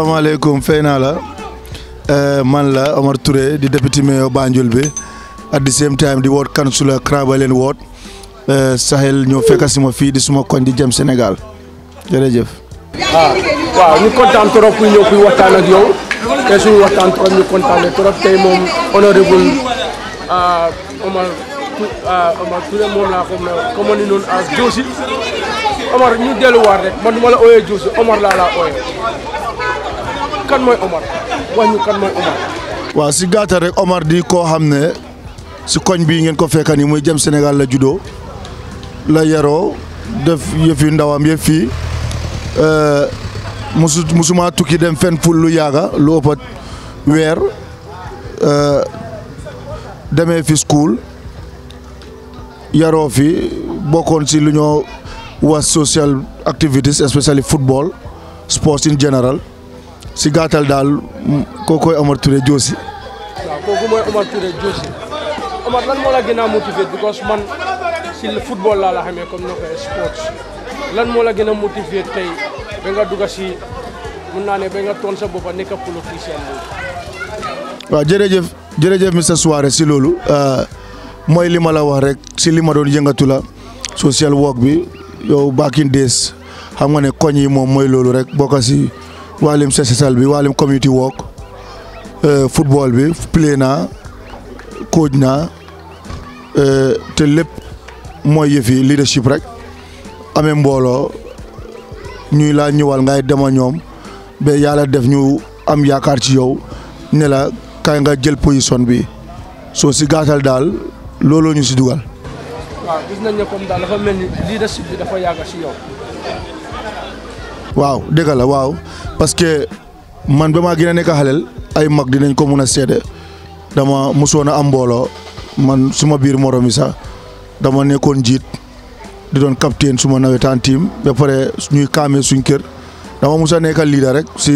asalaamaaleykum fay naa la eh, man la Omar Touré di député maire Banjul bi at time di woot councilor Crabalien woot eh, Sahel ñoo fekk si ma fii di suma koñ di jëm Sénégal jërëjëf. Ah, waaw ñu kontaan trop ñu kontaan trop tey moom honorable ah, Omar ah, Omar Touré moom laa ko ni noonu as Joosi Omar ñu delluwaat rek man ma la ooyee Joosi Omar laa laa ooyee. kan moy Omar wañu kan moy Omar. wa si gata rek Omar di ko xamne si koñ bi ngeen ko fekkani moy jëm senegal la judo la yaro def yefi ndawam yefi euh musu musuma tukki dem fen ful lu yaga lu wer euh demé fi school yaro fi bokon ci luñu wa was social activities especially football sports in general si gàttal daal kookoy Omar Touré Diossi. Omar lan moo la gën a motivé because man si football laa la xamee sports lan moo la a motivé tey ba nga si mun naa ne ba nga toon sa bopp nekk politicien bi. waaw jërëjëf jërëjëf sa Souare si loolu euh, mooy li ma la wax rek si li ma doon yëngatu la social work bi yow back days xam nga ne koñ yi moom mooy loolu rek bokk si. wàllum sesesal bi wàllum community work euh, football bi play naa coach naa euh, te lépp mooy yëfi leadership rek ame mbooloo ñuy laa ñëwal ngay dema ñoom ba yàlla def ñu am yaakaar ci yow nela la kaay nga jël position bi soo si gaatal daal looloo ñu si dugal. waaw dëgg la waaw parce que man ba maa gën a xaleel ay mag dinañ ko mun a seede dama mosoon a am mbooloo man suma biir morom yi sax dama nekkoon njiit di doon capitaine suma nawetaan team ba pare ñuy kaamee suñ kër dama mos a nekk rek si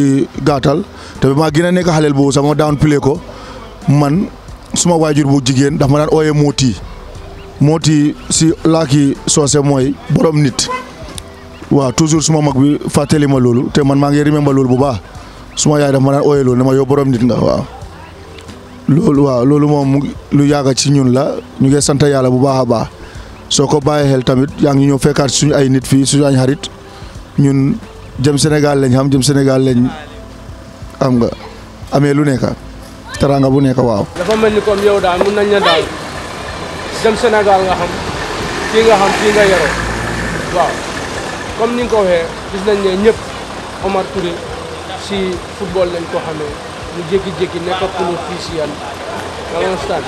gàttal te ba maa gën a nekk xaleel boobu sama ma daan pile ko man suma waajur bu jigéen daf ma daan ooyee mooti mooti si laaki soose mooy borom nit. waaw toujours ma mag bi fàttali ma loolu te man maa ngi remember loolu bu baax suma yaay dafa ma daan ooyee loolu ne ma yow borom nit nga waaw. loolu waaw loolu moom lu yàgg ci ñun la ñu ngi sant yàlla bu baax a baax soo ko bàyyee tamit yaa ngi ñëw fekkaat suñu ay nit fii suñu ay xarit ñun jëm Sénégal lañ xam jëm Sénégal lañ am nga amee lu nekk teraanga bu nekk waaw. comme ni ko waxee gis nañ ne ñëpp Omar Touré si football lañ ko xamee ñu jékki-jékki nekkatul fii si yan dans stade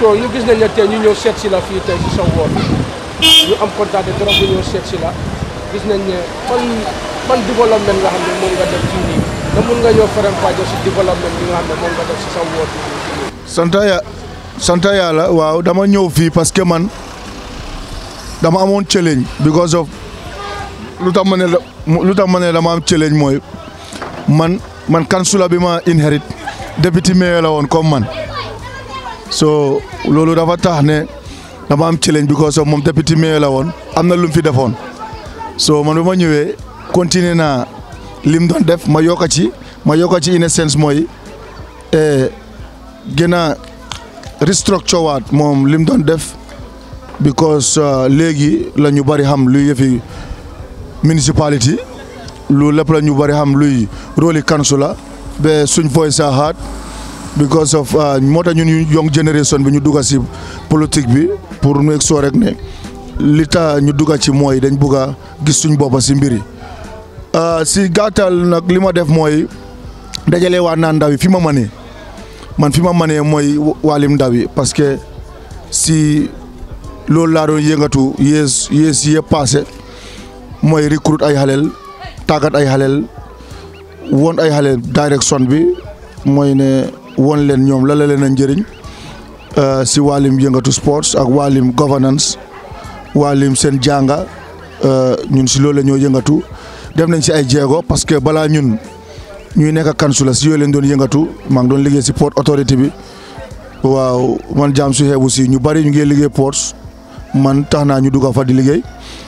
so ñu gis nañ ne tey ñu ñëw seet si la fii tey si sa woor ñu am contact trop ñëw seet si gis nañ ne man man nga xam ne moom nga def fii mun nga ñëw faram fàcce si développement nga xam ne moom nga def si sa woor bi. sant ya sant waaw dama ñëw fii parce que man dama amoon challenge bi of lu tax ma ne la lu tax ma ne dama am challenge mooy man man kansula bi ma inherit deputy mayor la woon comme man soo loolu dafa tax ne dama am challenge because of moom deputy mayor la woon am na lu mu fi defoon soo man bi ma ñëwee continuer naa lim doon def ma yokk ci ma yokka ci in essence mooy eh, gën a restructure waat moom lim doon def because ah, léegi la ñu bari xam luy yëfi municipality loolu lépp la ñu bëri xam luy rôle kansula la ba suñ fooy saaxaat because of ah, moo tax ñun young generation bi ñu dugga si politique bi pour make sure rek ne li tax ñu dugga ci mooy dañ bugg a gis suñ boppa si mbiri si ah, gàttal nag li ma def mooy dajale waa naan ndaw yi fi ma mënee man fi ma mënee mooy waalim ndaw yi parce que si loolu laa yëngatu yées yées yëpp passé mooy recruter ay xaleel tàggat ay xaleel woon ay xaleel direction bi mooy ne woon leen ñoom la leen a njëriñ euh, si wàllum yëngatu sports ak wàllum governance wàllum seen jànga euh, ñun si loolu la ñoo yëngatu dem nañ si ay jéego parce que balaa ñun ñuy nekk kansula si yooyu leen doon yëngatu maa ngi doon liggéey si port authority bi waaw man jaam su xeebu si ñu bari ñu ngi liggéey ports man tax naa ñu dugga fa di liggéey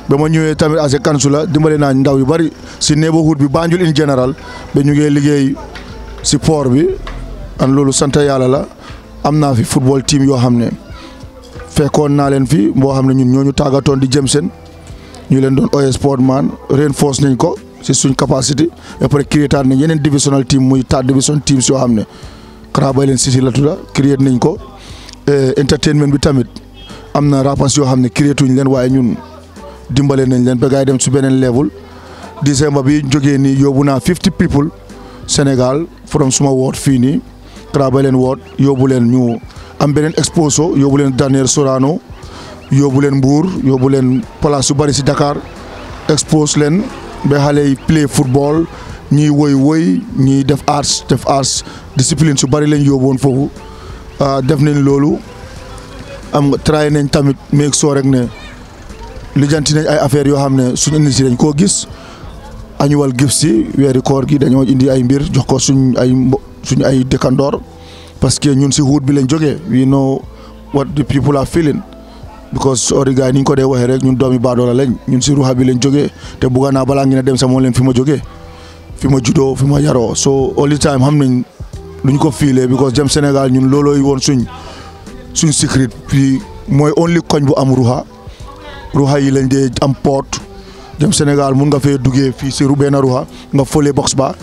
ba ma ñëwee tamit as a kansula dimbale naa ndaw yu bari si neighborhood bi Banjul in general ba ñu ngi liggéey si port bi an loolu sant yàlla la am naa fi football team yoo xam ne fekkoon naa leen fi boo xam ne ñun ñoo ñu tàggatoon di jëm seen ñu leen doon oye sport man renforce nañ ko si suñ capacité après créé taat yeneen divisional team muy taat division teams yoo xam ne Karabay leen City la tudda nañ ko eh, entertainment bi tamit. am na réponse yoo xam ne créé leen waaye ñun dimbale nañ leen ba gars dem su beneen level décembre bi jógee nii yóbbu naa fifty people Sénégal from suma woot fii nii Crabbe leen woot yóbbu leen ñu am beneen exposo yóbbu leen dernier Sorano yóbbu leen Mbour yóbbu leen place su bari si Dakar expose leen ba xale yi play football ñiy woy woy ñiy def arts def arts discipline su bari leen yóbbu woon foofu ah, def nañ loolu. am nga travaillé nañ tamit meeg soo rek ne lijjanti nañ ay affaires yoo xam ne suñu indi si dañ koo gis annual gift si weeri koor gi dañoo indi ay mbir jox ko suñ ay suñ ay dëkkandoor parce que ñun si huut bi lañ jógee we know what the people are feeling because ori gars yi ni ñu ko dee waxee rek ñun doomi baadoola lañ ñun si ruuxa bi lañ jógee te bugga naa balaa ngi a dem sax moom leen fi ma jógee fi ma juddoo fi ma yaroo so all the time xam nañ luñ ko fiilee because jëm Sénégal ñun loolooy woon suñ suñ secret bi mooy only koñ bu am ruxa ruxa yi lañ dee am port dem Sénégal mun nga fee duggee fii si na ruxa nga fële box ba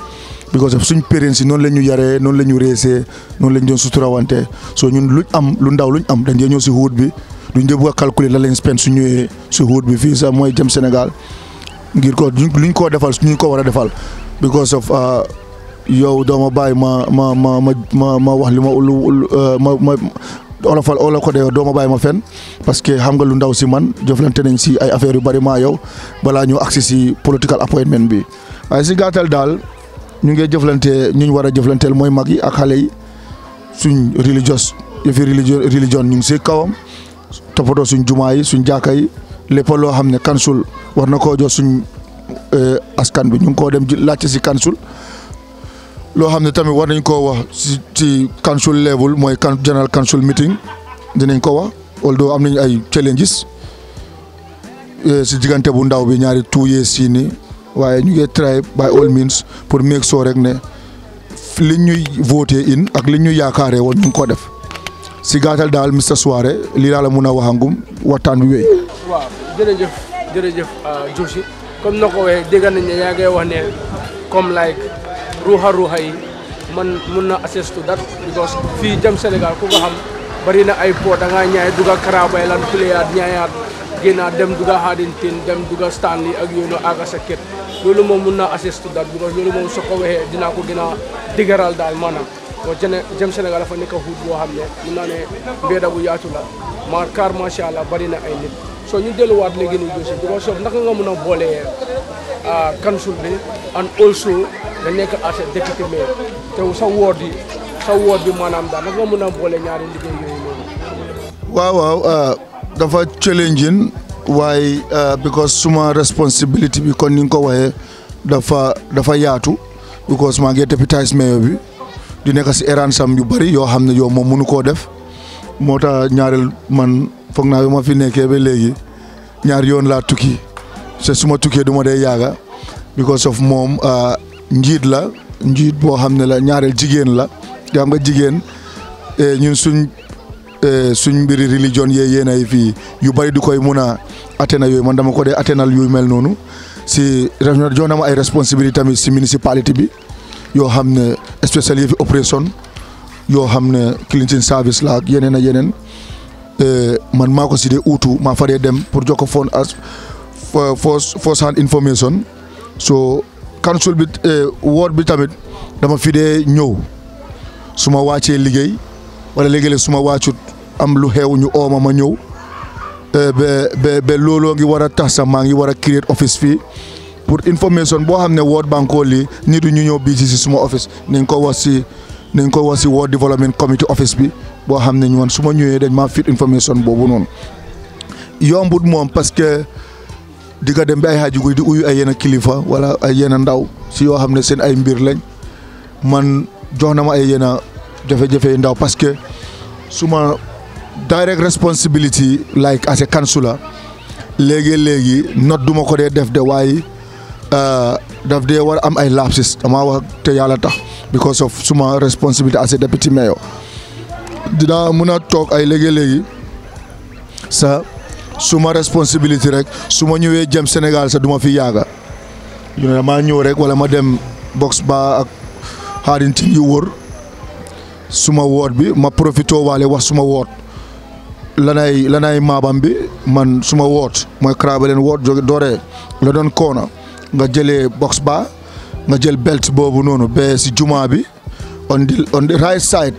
because of suñ parents si noonu la ñu yaree noonu la ñu reesee noonu la ñu doon suturawante so ñun luñ am lu ndaw luñ am dañ dee ñëw si huut bi duñ dee bëgg a calculer la lañ spend su ñëwee si huut bi fii sax mooy jëm Sénégal ngir ko luñ koo defal suñ ko war a defal because of uh, yow doo ma bàyyi ma ma ma ma ma wax li ma uh, ma ma olofal olo ko de doo ma bàyyi ma fen parce que xam nga lu ndaw si man jëflante nañ si ay affaire yu bari maa yow balaa ñu agsi si political appointment bi waaye si gàttal daal ñu ngi jëflante ñu war a jëflanteel mooy mag yi ak xale yi suñ religious yëfi religion religion ñu ngi si kawam toppatoo suñ jumaa yi suñ jàkka yi lépp loo xam ne kansul war na koo jox suñ euh, askan bi ñu ngi koo dem laajte si kansul loo xam ne tamit war nañ koo wax si ci council level mooy general council meeting dinañ ko wax although am nañ ay challenges si eh, diggante bu ndaw bi ñaari two years si ni waaye ñu ngi try by all means pour make sure rek ne li ñuy voté in ak li ñuy yaakaaree woon ñu ngi ko def si gàttal daal Mr Suwareh lii daal la mun a waxangum waxtaan bi wéy. waaw ah, comme like. ruuxa ruuxa yi man mun na access to that because fii jëm Sénégal ku ko xam bari na ay po da ngaa ñaay dugg Karabay lan Kuleyaat ñaayaat génnaat dem dugg a Hadintin dem dugg a Stanley ak yooyu loolu moom mun na access to that loolu moom soo ko waxee dinaa ko gën a daal maanaam bon jëm Sénégal dafa nekk xuut boo xam ne mun naa ne mbeeda bu yaatu macha allah bari na ay nit. soo ñu delluwaat léegi nii Joseph because of naka nga mën a boole ah, council bi and bi maanaam ah, ah, suma responsibility bi kon ni nga ko waxee dafa dafa yaatu because maa ngi deputize mayor bi di nekk si errand sam yu bari yoo xam ne yow moom mënu koo def. moo tax ñaareel man foog naa bi ma fi nekkee ba léegi ñaar yoon laa tukki te suma tukkee du ma dee yaaga because of moom ah, njiit la njiit boo xam ne la ñaareel jigéen la xam nga jigéen eh, ñun suñ eh, suñ mbiri religion yee yéen ay fii yu bari du koy mun a atena yooyu man dama ko dee atenal yu mel noonu si jox na ma ay responsabilité tamit si municipalité bi yoo xam ne spécial yi fi opération yoo xam ne cleansing service la ak yeneen a yeneen eh, man maa ko si dee uutu maa fa dee dem pour jokko phone as first first hand information so council bi eh, woor bi tamit dama fi dee ñëw su ma wàccee liggéey wala léegi-léeg su ma wàccut am lu xew ñu ooma ma ñëw ba eh, ba looloo ngi war a tax sax maa ngi war a créer office fii pour information boo xam ne ward banko lii nit ñu ñëw bii ci si suma office nañ ko wax si ni ko won ci World Development Committee office bi bo xamne ñu won suma ñëwé dañ ma fit information bobu non yombut mom parce que diga dem bay ay guuy di uyu ay yena kilifa wala ay yena ndaw si yo xamne seen ay mbir lañ man joxna na ma ay yena jafe-jafe ndaw parce que suma direct responsibility like as a counselor, legi légui not duma ko def de euh daf dee war am ay lapses dama wax te yalla tax because of suma responsibility as a deputy mayor dina muna tok ay legue legui sa suma responsibility rek suma ñewé jëm Sénégal sa duma fi yaga ñu ne rek wala ma dem box ba ak xaarinti yu wor suma bi ma profito walé wax suma word, lanay lanay mabam bi man suma word, moy Krabalen word doré la don kona nga jëlé box ba nga jël belt boobu noonu ba si juma bi on the right side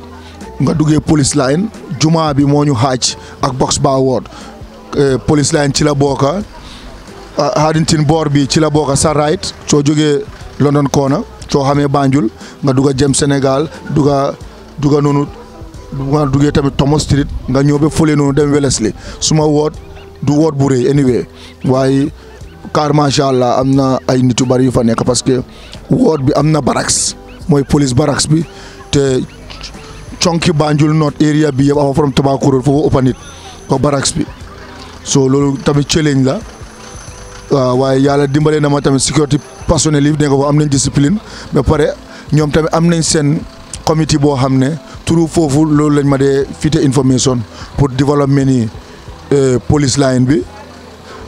nga duggee police line juma bi moo ñu xaaj ak box ba ward eh, police line ci la booka ah, Haddington boor bi ci la booka sa right soo jógee London Corner soo xamee Banjul nga dugg jëm Sénégal dugga dugga noonu nga duggee tamit Thomas Street nga ñëw ba fële noonu dem Wellesley suma woot du woot bu rëy anyway waaye car macha allah am na ay nit yu bari yu fa nekk parce que woot bi am na barracks mooy police barracks bi te conki Banjul North area bi yëpp afa from Tobacco foofu ëppa nit ko bi so loolu tamit challenge la waaw ah, waaye yàlla dimbale na ma tamit sécurité personnel yi dégg nga fa am nañ discipline ba pare ñoom tamit am nañ seen comité boo xam ne turu foofu loolu lañ ma dee fiite information pour développement ni eh, police line bi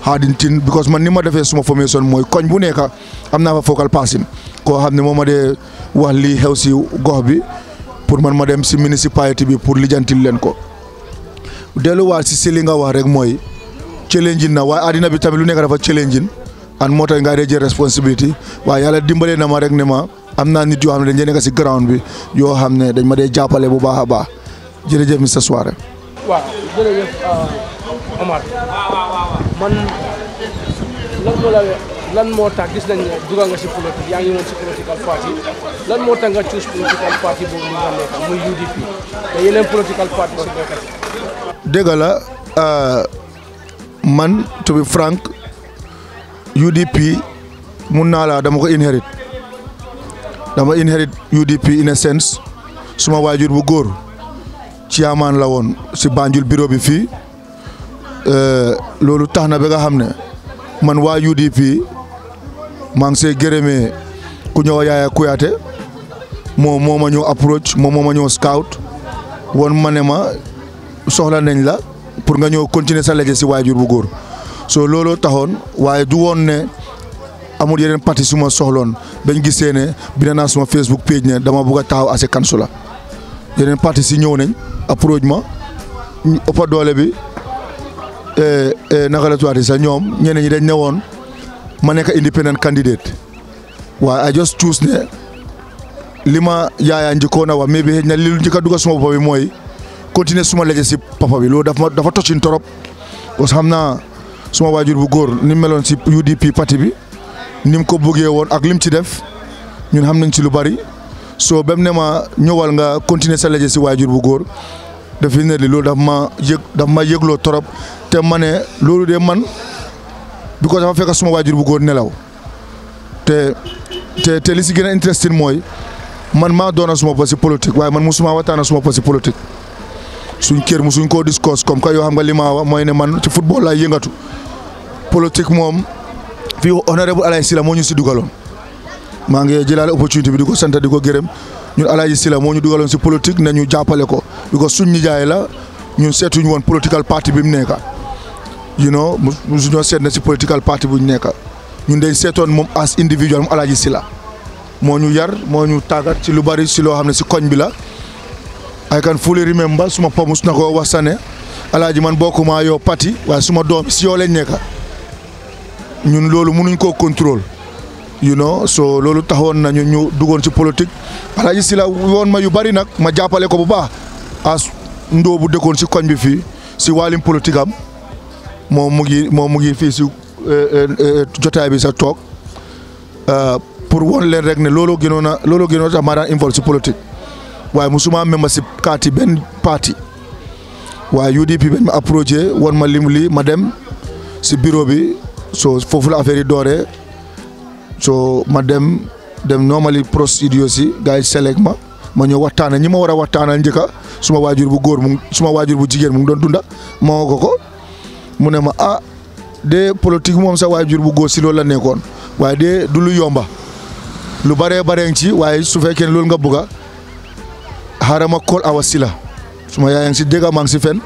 Hardington because man ni ma defee suma formation mooy koñ bu nekk am naa fa focal passing koo xam ne moom ma dee wax lii xew si gox bi pour man ma dem si municipalité bi pour lijjantil leen ko delluwaat si si li nga wax rek mooy challenge na waaye àddina bi tamit lu nekk dafa challenge an moo tax ngaa dee jël responsibility waaye yàlla dimbalee na ma rek ne ma am naa nit yoo xam ne dañ nekk si ground bi yoo xam ne dañ ma dee jàppale bu baax a baax jërëjëf monsieur Souare. waaw jërëjëf lan moo tax gis nañ ne nga si politique party lan moo tax nga choose political party boobu ñu nga la euh, man to be frank naa laa dama ko inherit dama inherit UDP in a sense suma waajur bu góor chairman la woon si Banjul bureau bi fii euh, loolu tax na ba nga xam ne man waa UDP maa ngi see gërëmee ku ñëw yaay Kouyaté moom moom ma ñëw approach moom moo ma ñëw scout won ma ne ma soxla nañ la pour nga ñëw continuer sa legacy si waajur bu góor soo looloo taxoon waaye du woon ne amul yeneen parti su ma soxloon bañ gisee ne bind naa suma Facebook page ne dama bëgg a taxaw ase kansula yeneen parti si ñëw nañ approach ma ëppa doole bi eh, eh, naka la tuwaati sa ñoom ñeneen ñi dañ ne ma nekk independent candidate waaye I just choose ne li ma yaaya njëkkoon a wax mais bi xëy na li njëkk a dugg suma bopp bi mooy continuer suma legacy si papa bi loolu dafa dafa tocin torop parce que xam naa suma waajur bu góor ni meloon si UDP parti bi ni mu ko buggee woon ak lim ci def ñun xam nañ ci lu bari soo bem ne ma ñëwal nga continuer sa legacy si waajur bu góor defi ne loolu daf ma yëg daf ma yëgloo torop te ma ne loolu de man. because dafa fekk suma waajur bu góor nelaw te te te li si gën a mooy man maa doona suma posi politique waaye man musuma waxtaana suma posi politique suñ kër mu suñ koo discours comme que yoo xam nga li mooy ne man ci laa laay yëngatu politique moom fii honorable Alaaji Sila moo ñu si dugaloon maa ngi jëlaal opportunité bi di ko sant di ko gërëm ñun Alaaji Sila moo ñu dugaloon si na ñu jàppale ko because suñ nijaay la ñun seetuñu woon political parti bi mu nekka you know mosu ñoo seet na si political party bu ñu nekk ñun dañ seetoon moom as individual mu Alaaji Sila moo ñu yar moo ñu tàggat ci lu bari si loo xam ne si koñ bi la I can fully remember suma pamus na ko wax sane alaaji man bokkuma yow pati waaye suma doom si yow lañ nekk ñun loolu mënuñ koo contrôle you know so loolu taxoon nañu ñu duggoon si politique alaaji sila la woon ma yu bari nag ma jàppale ko bu baax as ndóo bu dëkkoon si koñ bi fii si wàllum politique am moom mu ngi moom mu fii si eh, eh, eh, jotaay bi sa toog euh, pour woon leen rek ne looloo gënoon a looloo gënoon tax maa daan involve si politique waaye ma si kaati benn paati waaye UDP benn ma approché woon ma lim lii ma dem si bureau bi soo foofu la affaire yi dooree so ma dem dem normally procédure si gars yi select ma ma ñëw waxtaana ñi ma war a waxtaanal njëkka suma waajur bu góor mu suma waajur bu jigéen mu ngi doon dunda moo ko mu ne ma ah de politique moom sa waajur bu góor si loolu la nekkoon waaye de du lu yomba lu baree baree ci waaye su fekkee loolu nga bugga a xaaral ma kool awa sila suma ma yaayee si dégg ngi si fen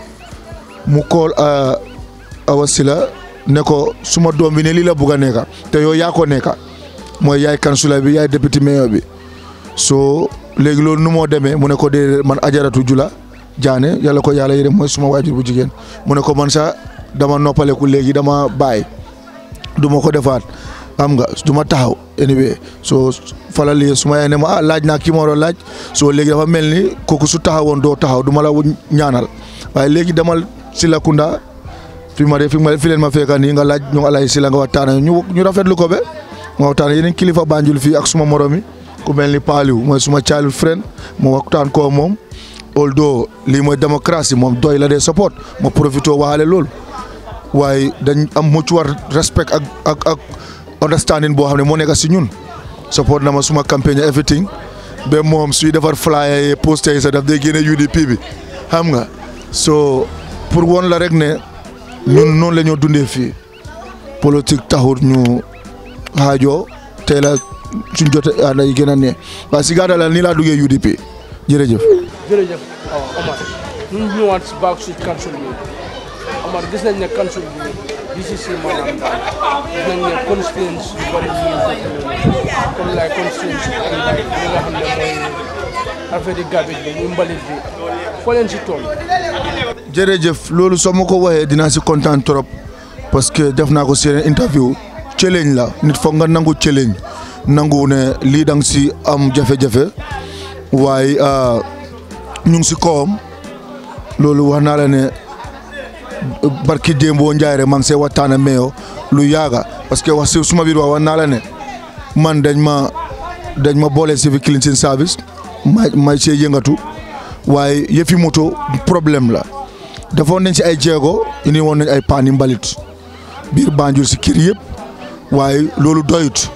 mu kool ah, awa sila ne ko suma doom bi ne lii la bëgg a nekka te yow ko nekka mooy yaay kansula bi yaay député mayor bi soo léegi loolu nu moo demee mu ne ko de man ajaratu jula jaane yàlla ko yàlla yërëm mooy suma waajur bu jigéen mu ne ko man sa dama noppaleku léegi dama bàyyi duma ko defaat xam nga du ma taxaw anyway soo falal lii su ma yaay ne ma a ah, laaj naa kii ma war a laaj soo léegi dafa mel ni kooku su taxawoon doo taxaw duma ma la ñaanal waaye léegi demal Silakunda fi ma de fi ma fi leen ma fekka nii nga laaj ñu alay si la nga waxtaan ñu ñu rafetlu ko be ma waxtaan yeneen kilifa Banjul fii ak suma moromi ku mel ni Paliou mooy suma childhood friend moo waxtaan koo moom although lii mooy démocratie moom doy la dee support ma profité waxaale loolu waaye dañ am mutual respect ak ak ak understanding boo xam ne moo nekk si ñun support na ma suma campagne everything ba moom suy defar flyer yi poster yi sax daf day génne UDP bi xam nga so pour woon la rek ne ñun noonu la ñoo dundee fii politique taxut ñu xaajoo tey la suñ jot a yi gën a ne waaw si gàttal la nii laa duggee UDP jërëjëf. jërëjëf Omar gis nañ ne council bi si si maanaam daal gis nañ ne constituents yu bëri ñu comme lay constituents yi nga xam ne mooy affaire yi gabit bi ñu mbalit bi foo leen si tool jërëjëf loolu soo ma ko waxee dinaa si kontaan trop parce que def naa ko seen interview challenge la nit foog nga nangu challenge nangu ne lii dang si am jafe-jafe waaye ah, ñu ngi si kawam loolu wax naa la ne barki Dembo Ndiaye man see waxtaan ak meeyoo lu yaaga parce que wax si suma biir wax naa la ne man dañ ma dañ ma boole si fi cleaning service ma ma see yëngatu waaye yëfi moto problème la defoon nañ si ay jéego indi woon nañ ay paani mbalit biir Banjul si kër yëpp waaye loolu doyut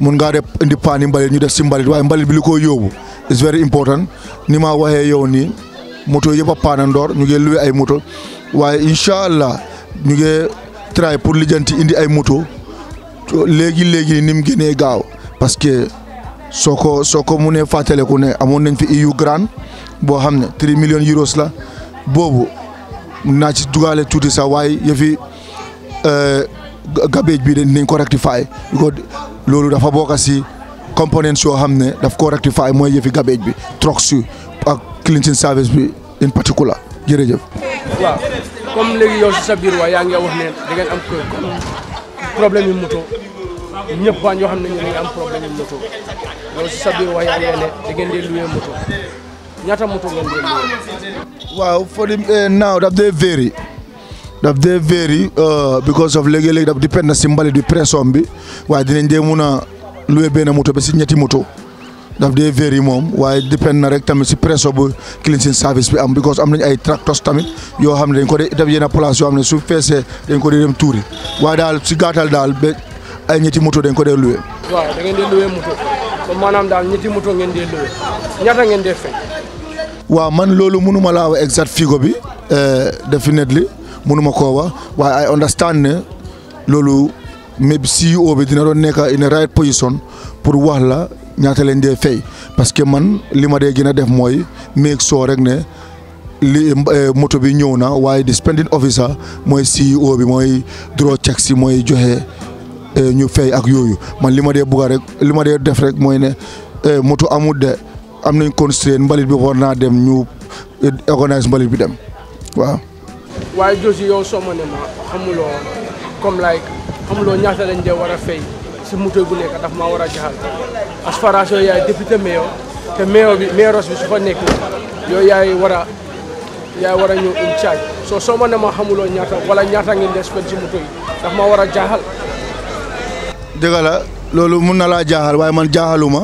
mun ngaa def indi paani mbalit ñu def si mbalit waaye mbalit bi li koy yóbbu it's very important ni ma waxee yow nii. moto yëpp a paanandoor ñu ngi luwe ay moto waaye incha allah ñu ngi try pour lijjanti indi ay moto léegi léegi ni mu gënee gaaw parce que soo ko soo ko mu ne fàttaleku ne amoon nañ fi EU grant boo xam ne 3 million euros la boobu naa ci dugaale tuuti sax waaye yëfi euh, gabéej bi dinañ ko rectify loolu dafa bokk si components yoo xam ne daf ko rectify mooy yëfi gabéej bi trox su cleansing service bi in particular jërëjëf. waaw comme léegi yow si sa waa yaa ngi wax ne da am kër problème yu moto ñëpp waa ñu am problème yu yow si sa biir waa yaa ngi ne da ngeen di loué moto ñaata moto ngeen di loué. waaw for the eh, now daf dee vary uh, because of léegi-léegi daf dépend na si mbalit bi pression bi waaye dinañ dee mun a loué benn moto ba si ñetti moto. daf dee verre yi moom waaye dépend na rek tamit si presso bu cleansing service bi am because am nañ ay tractos tamit yoo xam ne dañ ko dee def yenn place yoo xam ne su feesee dañ ko dee dem tuuri waaye daal si gàttal daal ba ay ñetti moto dañ ko dee luwe. waaw da ngeen dee luwe moto ba maanaam daal ñetti moto ngeen dee luwe ñaata ngeen dee fay. waaw man loolu mënu ma laa wax exact figo bi eh, definitely mënu ma koo wax waaye I understand ne loolu maybe CEO bi dina doon nekk in the right position pour wax la. ñaata leen dee fay parce que man li ma dee gën a def mooy make sure rek ne li eh, moto bi ñëw na waaye di spending officer mooy CEO bi mooy draw check si mooy joxe eh, ñu fay ak yooyu man li ma dee bugga rek li ma dee def rek mooy ne eh, moto amul de am nañ constraint mbalit bi war naa dem ñu organise mbalit bi dem waaw. waaye Josy yow soo ne ma xamuloo comme like xamuloo ñaata lañ dee war a si moto bu nekk daf maa war a jaxal aspiration yaay député maire te maire bi maire bi su fa nekk yooyu yaay war a yaay war a ñëw in charge soo soo ma ne ma xamuloo ñaata wala ñaata ngeen des si moto yi daf war a jaaxal. dëgg loolu mun na laa jaaxal waaye man jaaxaluma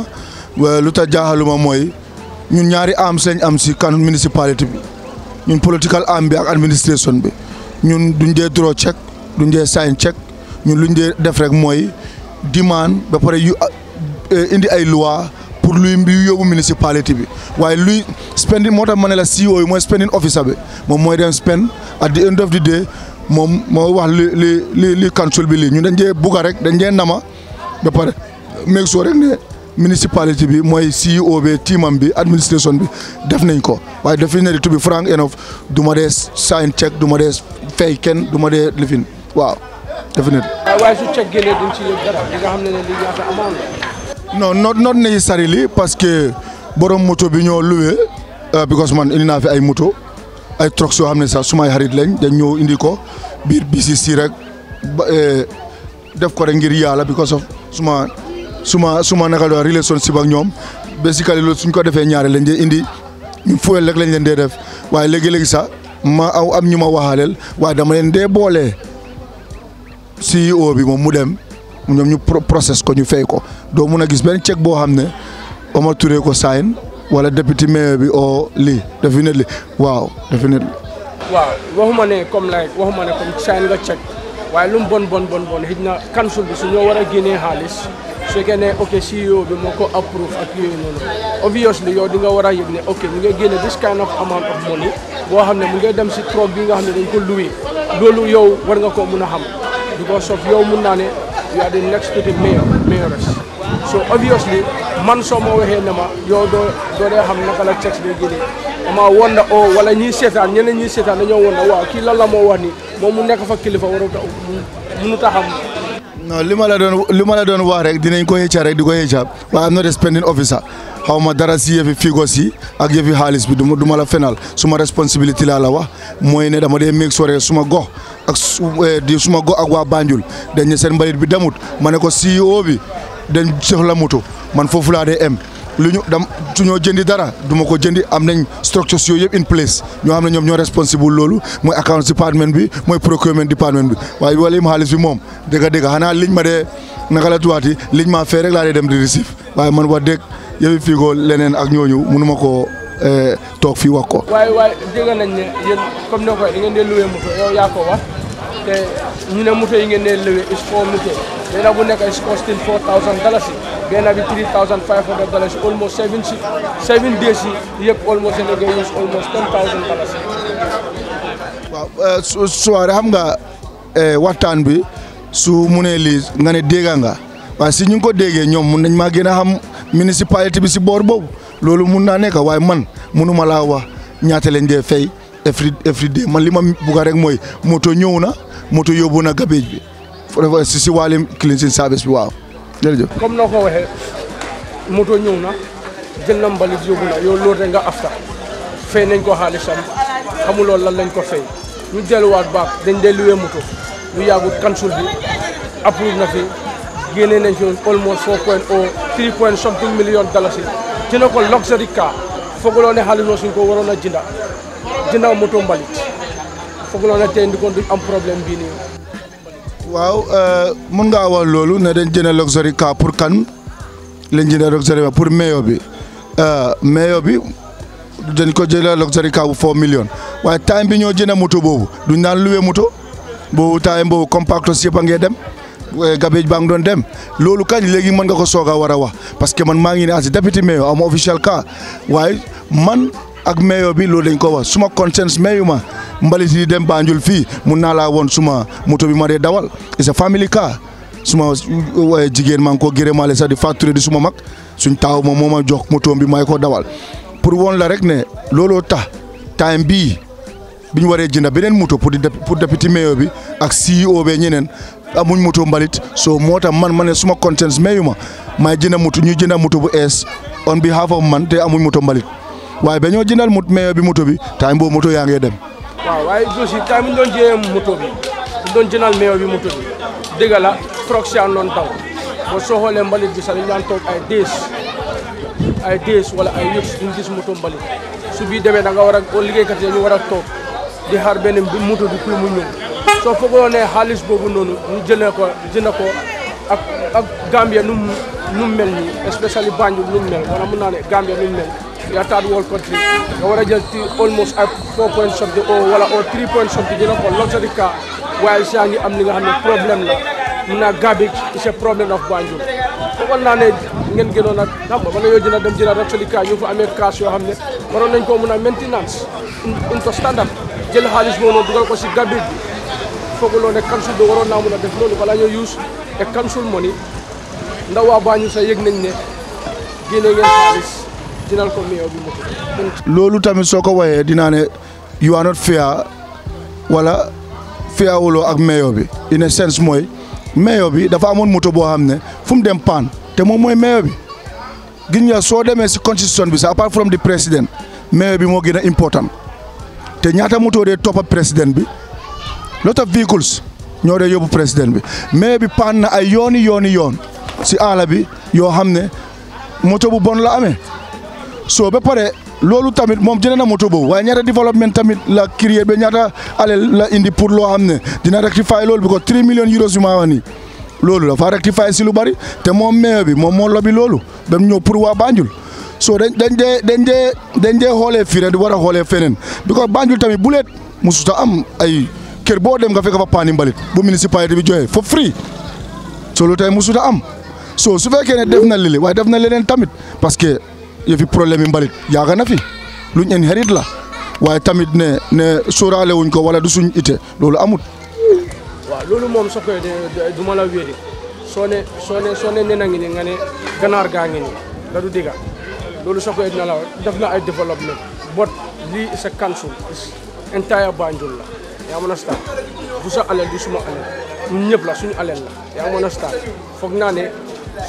lu tax jaaxaluma mooy ñun ñaari am lañ am si kan municipalité bi ñun political am bi administration bi ñun duñ dee draw check duñ dee sign check ñun luñ dee def rek mooy. demande ba pare yu ah, eh, indi ay loi pour luy yu yóbbu municipalité bi waaye luy spending moo tax ma ne la CEO yi mooy spending officer bi moom mooy dem spend at the end of the day moom moo wax li li li li council bi lii ñu dañ dee bugga rek dañ dee nama ba pare make sure rek ne municipality bi mooy CEO bi teamam bi administration bi def nañ ko waaye definitely to be frank enough du ma dee sign check du ma dee fay kenn du ma dee lifin waaw definitely. Ah, waaye su ceggee dañ ci yëg dara di parce que borom moto bi ñoo loué euh, because man indi naa fi ay moto ay trox yoo xam ne sax sumay xarit lañ dañ ñëw indi ko biir BCC rek euh, def ko rek ngir yàlla because of suma suma suma naka la relationship ak ñoom basically loolu suñ ko defee ñaare lañ de indi ñu fuel lañ leen dee def waaye léegi-léegi sax ma am ñu ma waxaaleel waaye dama leen dee boole. si CEO bi moom mu dem ñoom ñu process ko ñu fay ko doo mun a gis benn cek boo xam ne Omar ture ko sign wala député maire bi oo lii definitely waaw definitely waaw waxuma ne comme like waxuma ne comme sign nga cek waaye lum bon bon bon bon xëj na council bi su ñoo war a génnee xaalis su fekkee ne si CEO bi moo ko approve ak yooyu noonu obviously yow di nga war a yëg ne ok mu ngi génne this kind of amount of money boo xam ne mu ngi dem si troog bi nga xam ne dañ ko loué loolu yow war nga koo mun a xam because of yow mun naa ne you next to the so obviously man soo ma waxee ne ma yow doo dee xam naka la texte bi génnee dama wonda o oh, wala ñiy seetaan ñeneen ñiy seetaan dañoo wonda waaw kii lan la moo wax ni moom mu nekk fa kilifa warut a munut a xam non li ma la doon li ma la doon wax rek dinañ ko xëcca rek di ko xëcca waaye am na de spending officer xaw ma dara si yëfi figos ak yëfi xaalis bi du ma la fenal suma responsibility laa la wax mooy ne dama dee make sure suma gox ak su eh, di suma go ak waa Banjul dañ ne seen mbalit bi demut ma ne ko CEO bi dañ soxla moto man foofu laa lu ñu dam su ñoo jëndi dara du ma ko jëndi am nañ structures yooyu yëpp in place ñoo xam ne ñoom ñoo responsible loolu mooy accounts department bi mooy procurement department bi waaye wala im xaalis bi moom dëgg dëgg xanaa liñ ma dee naka la tuwaati liñ ma fee rek dem di receive waaye man wax dëgg yëfi fii leneen ak ñooñu mënuma koo toog fii wax ko. waaye waaye dégg nañ ne yéen comme ni ko da ngeen di loué moto yaa ko wax te ñu ne moto yi ngeen di loué is for moto benn bu nekk is costing four thousand dalasi benn bi three thousand five hundred dalasi almost seven si seven days yi yëpp almost ten thousand dalasi. Euh, xam nga euh, waxtaan bi su mune nee nga ne dégg nga waaye si ñu ngi ko déggee ñoom mun nañ maa gën a xam municipalité bi si boor boobu. loolu mun naa nekk waaye man munuma laa wax ñaata lañ dee fay every every day man li ma bugga rek mooy moto ñëw na moto yóbbu na gabéej bi si si wàllum cleansing service bi waaw jërëjëf. comme noo ko waxee moto ñëw na jël na mbalit yóbbu na yow nga afta fay nañ ko xaalisam xamuloo lan lañ ko fay ñu delluwaat baax dañ dee luwee moto lu yàggut kansul bi approuve na génne nañ si almost 4 point o 3 point something million dalasi jënd ko luxury car foogaloon ne xaalis suñ ko waroon a jënda jënda moto mbalit foogaloon ne tey ndi am problème bii nii. waaw euh, mun ngaa wax loolu ne dañ jënd luxury car pour kan lañ jënd luxury car pour mayo bi euh, mayo bi dañ ko jënd luxury car bu foo million waaye time bi ñoo jënd moto boobu duñ naan loué moto boobu time boobu compactos yëpp a dem. Gabej bang don dem lolou kan léegi man nga ko soga wara wax parce que man ma ngi as deputy mayor am official ka way man ak mayor bi lolou lañ ko wax suma conscience mayuma ma dem Banjul fi, mu nala won suma moto bi mari dawal is a family ka suma way jigen man ko gërëmaale sa di facture di suma mak suñ taw mo moma jox moto bi may ko dawal pour won la rek ne lolou tax time b, bi biñu waré jinda benen moto pour mayor bi ak CEO be ñenen amuñ moto mbalit so moo tax man ma ne suma conscience mayu ma may jënd moto ñu jënd moto bu ees on behalf of man te amuñ moto mbalit waaye ba ñoo jinal mot mayo bi moto bi time boobu moto yaa ngi dem. waaw waaye aussi time ñu doon jëndee moto bi ñu doon jëndal mayo bi moto si àndoon taw ba soo xoolee mbalit bi sax dañu daan toog ay dees ay dees wala ay yëg duñ gis moto mbalit su bii demee da war a liggéeykat yi ñu war a toog di xaar benn moto soo foogoo ne xaalis boobu noonu ñu jëlee ko dina ko ak ak Gambia nu mu nu mu mel nii especially Banjul nu mu mel wala mun naa ne Gambia nu mu mel yaa taat world country nga war a jël ci almost ak four point something o wala o three point something dina ko luxury car waaye saa ngi am li nga xam ne problème la mun naa garbage is a problem of Banjul foogoon naa ne ngeen gënoon nag xam nga mën nañoo jënd dem jënd luxury car ñu fa amee cash yoo xam ne waroon nañ koo mun a maintenance into standard jël xaalis boobu noonu dugal ko si fooguloo ne council bi waroon a def loolu balaa ñoo use e council money ndaw waa nañ ne génne loolu tamit soo ko wayee dinaa ne you are not fair wala ak meeyo bi in a mooy meeyo bi dafa amoon moto boo xam ne fu mu dem paan te moom mooy meeyo bi gis nga soo demee si constitution bi sax apart from the président meeyo bi moo gën a important te ñaata moto dee toppa président bi lot of ñoo dee yóbbu président bi mais bi paan na ay yooni yooni yoon si aala bi yoo xam ne moto bu bon la amee soo ba pare loolu tamit moom jëlee na moto boobu waaye ñaata développement tamit la créer ba ñaata alal la indi pour loo xam ne dina rectifier loolu bi ko 3 millions euros yu ma wax nii loolu dafa rectifier si lu bari te moom meeyo bi moom moo lobby loolu ba mu ñëw pour waa Banjul soo dañ dañ dee dañ dee dañ dee xoolee fii di war a xoolee feneen bi ko Banjul tamit bu leet am ay. kër boo dem nga fekk fa paani mbalit bu municipalité bi joxe for free soo lu tey musuta am soo su fekkee ne def na lili waaye def na leneen tamit parce que yëfi problème yi mbalit yaaga na fi luñ inherit la waaye tamit ne ne wuñ ko wala du suñ ite loolu amut. waaw loolu moom soo koy du ma wéeri soo ne soo ne soo ne nee ni nga ne ganaar gaa ngi ni da du digga loolu soo koy dina la def na ay développement boot lii sa council entire Banjul la. yaa mën a star du sa alal du suma alal ñëpp la suñu alal la yaa mën a star foog naa ne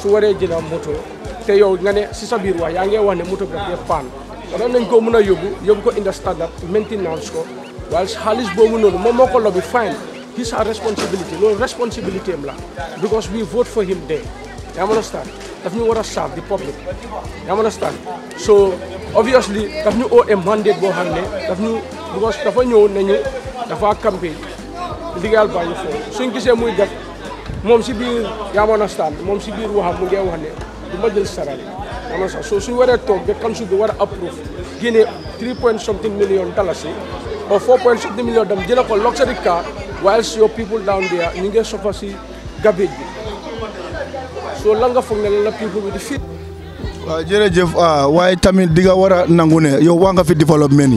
su waree jënd moto te yow nga ne si sa biir wax yaa ngi wax ne moto bi daf dee paan waroon nañ koo mën a yóbbu yóbbu ko indi standard maintenance ko waaye xaalis boobu noonu moom moo ko lobby fine his a responsibility loolu responsibility am la because we vote for him there yaa mën a star daf ñu war a serve the public yaa mën a star so obviously daf ñu oo a mandate boo xam ne daf ñu because dafa ñëw nañu dafa campé digal baa ñu foofu suñ gisee muy gat moom si biir yaamoon staan moom si biir waxam mu ngi wax ne du ma jël saral maanaam sax soo suñ waree toog ba council bi war a approuve génne 3 point something million dalasi or 4 point something million dem jëla ko luxury car whilst your people down there ñu ngi suffer si garbage bi soo lan nga foog ne lan la people di fit waaw jërëjëf ah, waaye tamit di nga war a nangu ne yow waa nga fi développement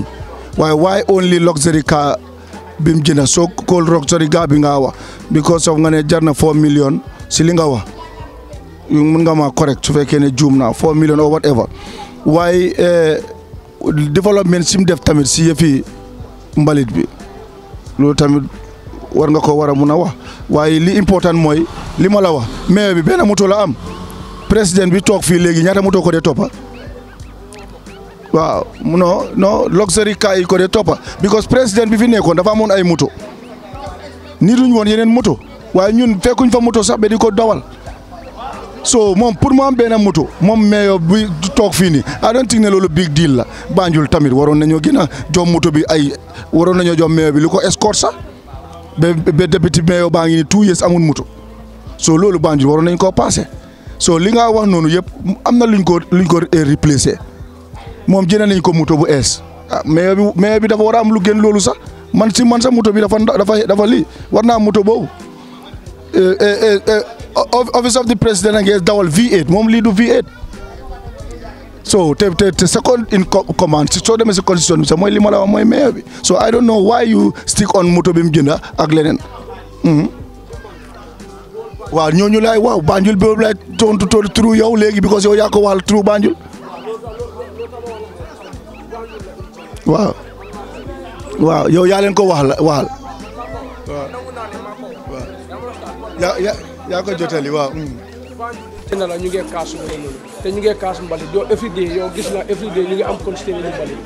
yi only luxury car bi mu jënd so Cold Rock sori gaa bi nga wax ko of nga ne jar na four million si li nga wax mun nga ma correct su fekkee ne juum na four million or whatever waaye eh, développement si mu def tamit si yëfi mbalit bi loolu tamit war nga ko war a mun a wax waaye li important mooy li ma la wax mais bi benn moto la am président bi toog fii léegi ñaata motoo ko dee toppa waaw non non luxury car yi ko de toppa because président bi fi nekkoon dafa amoon ay moto ni duñ woon yeneen moto waaye ñun fekkuñ fa moto sax ba ko dawal so moom pour mu am benn moto moom meeyoo bi toog fii nii I don't think ne loolu big deal la Banjul tamit waroon nañoo gën a jox moto bi ay waroon nañoo jox meeyoo bi lu ko escort sax ba ba député meeyoo baa ngi nii two years amul moto so loolu Banjul waroon nañ koo passé so li nga wax noonu yëpp am na luñ ko luñ ko eh, replacé. moom jëne nañ ko moto bu ees ah mais bi mais bi dafa war a am lu gën loolu sax man si man sax moto bi dafa dafa dafa lii war naa moto boobu. Eh, eh, eh, office of the dawal V8 moom lii du V8 so te te te second soo demee si constitution bi sax li ma la wax mooy mayor bi so I moto bi mu jënd ak leneen. Hmm. waaw ñooñu laay waaw Banjul boobu laay tontu tontu turu yow léegi because yow yaa ko waxal turu Banjul. waaw waaw yow yaa leen ko wax la waxal waaw waaw ko jotali waaw. Mm. te na la ñu ngi kaasu mbay noonu te ñu ngi kaasu mbalit yow everyday yow gis na everyday ñu ngi am constat ñu mbalit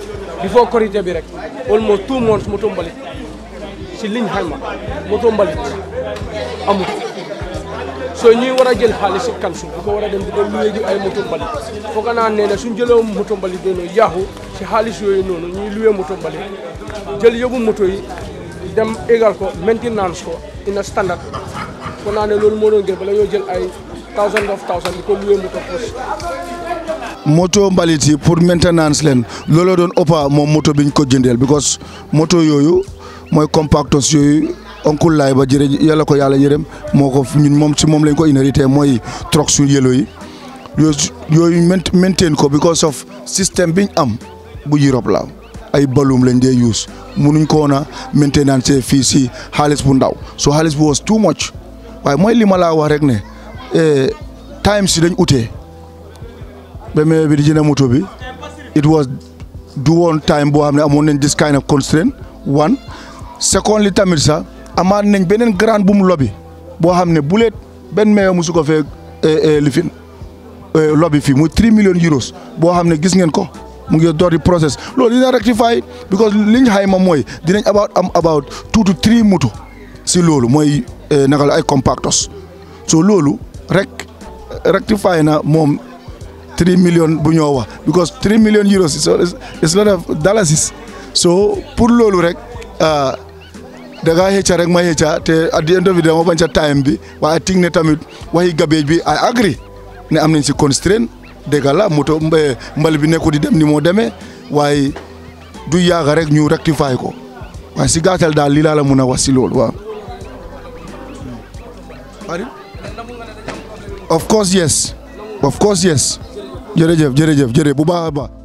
before korité bi rek almost two si liñ xayma moto mbalit amul soo ñuy war a jël xaalis si kansu bu war a dem di ko luwee ji ay moto mbalit foog naa nee na suñ jëloo moto mbalit ci xaalis yooyu noonu ñuy luwee moto bale jël yóbbu moto dem égal ko maintenance ko ina standard foo naa loolu moo doon gën bala ñoo jël ay thousand of thousand di luwee moto pos moto mbalit yi pour maintenance leen looloo doon ëppa moom moto biñ ko jëndeel because moto yooyu mooy compactos yooyu oncle laay ba jërë yala ko yàlla yërëm moo ko ñun moom si lañ ko inhérité mooy trox su yi yooyu yooyu maintain ko because of système biñ am bu Europe la ay balum lañ dee use munuñ ko woon a maintenance fii si xaalis bu ndaw so xaalis bi was too much waaye mooy li ma laa wax rek ne eh, time si dañ utee ba maire bi di jënd moto bi it was du woon time boo xam ne amoon nañ this kind of constraint one second li tamit sax amaat nañ beneen grand bu mu lobi boo xam ne buleet benn maire musu ko fee eh, eh, lifin lobby fii muy 3 millions euros boo xam ne gis ngeen ko mu ngi door di process loolu dina rectify because liñ xayma mooy dinañ about am about two to three moto si loolu mooy eh, naka ay compactos so loolu rek rectify na moom three million bu ñoo wax because three million euros is lot of so pour loolu rek ah, da ngaa xëcca rek ma xëcca te at the end of the ma bañ ca time bi waaye tig ne tamit waxi gabeej bi I agree ne am nañ si constraint dégg la moto mbal bi nekku di dem ni moo demee waaye du yaaga rek ñu rectifier ko waaye si gàttal daal lii laa la mun a wax si loolu waaw. of course yes of course yes jërëjëf jërëjëf jërëjëf bu baax a baax.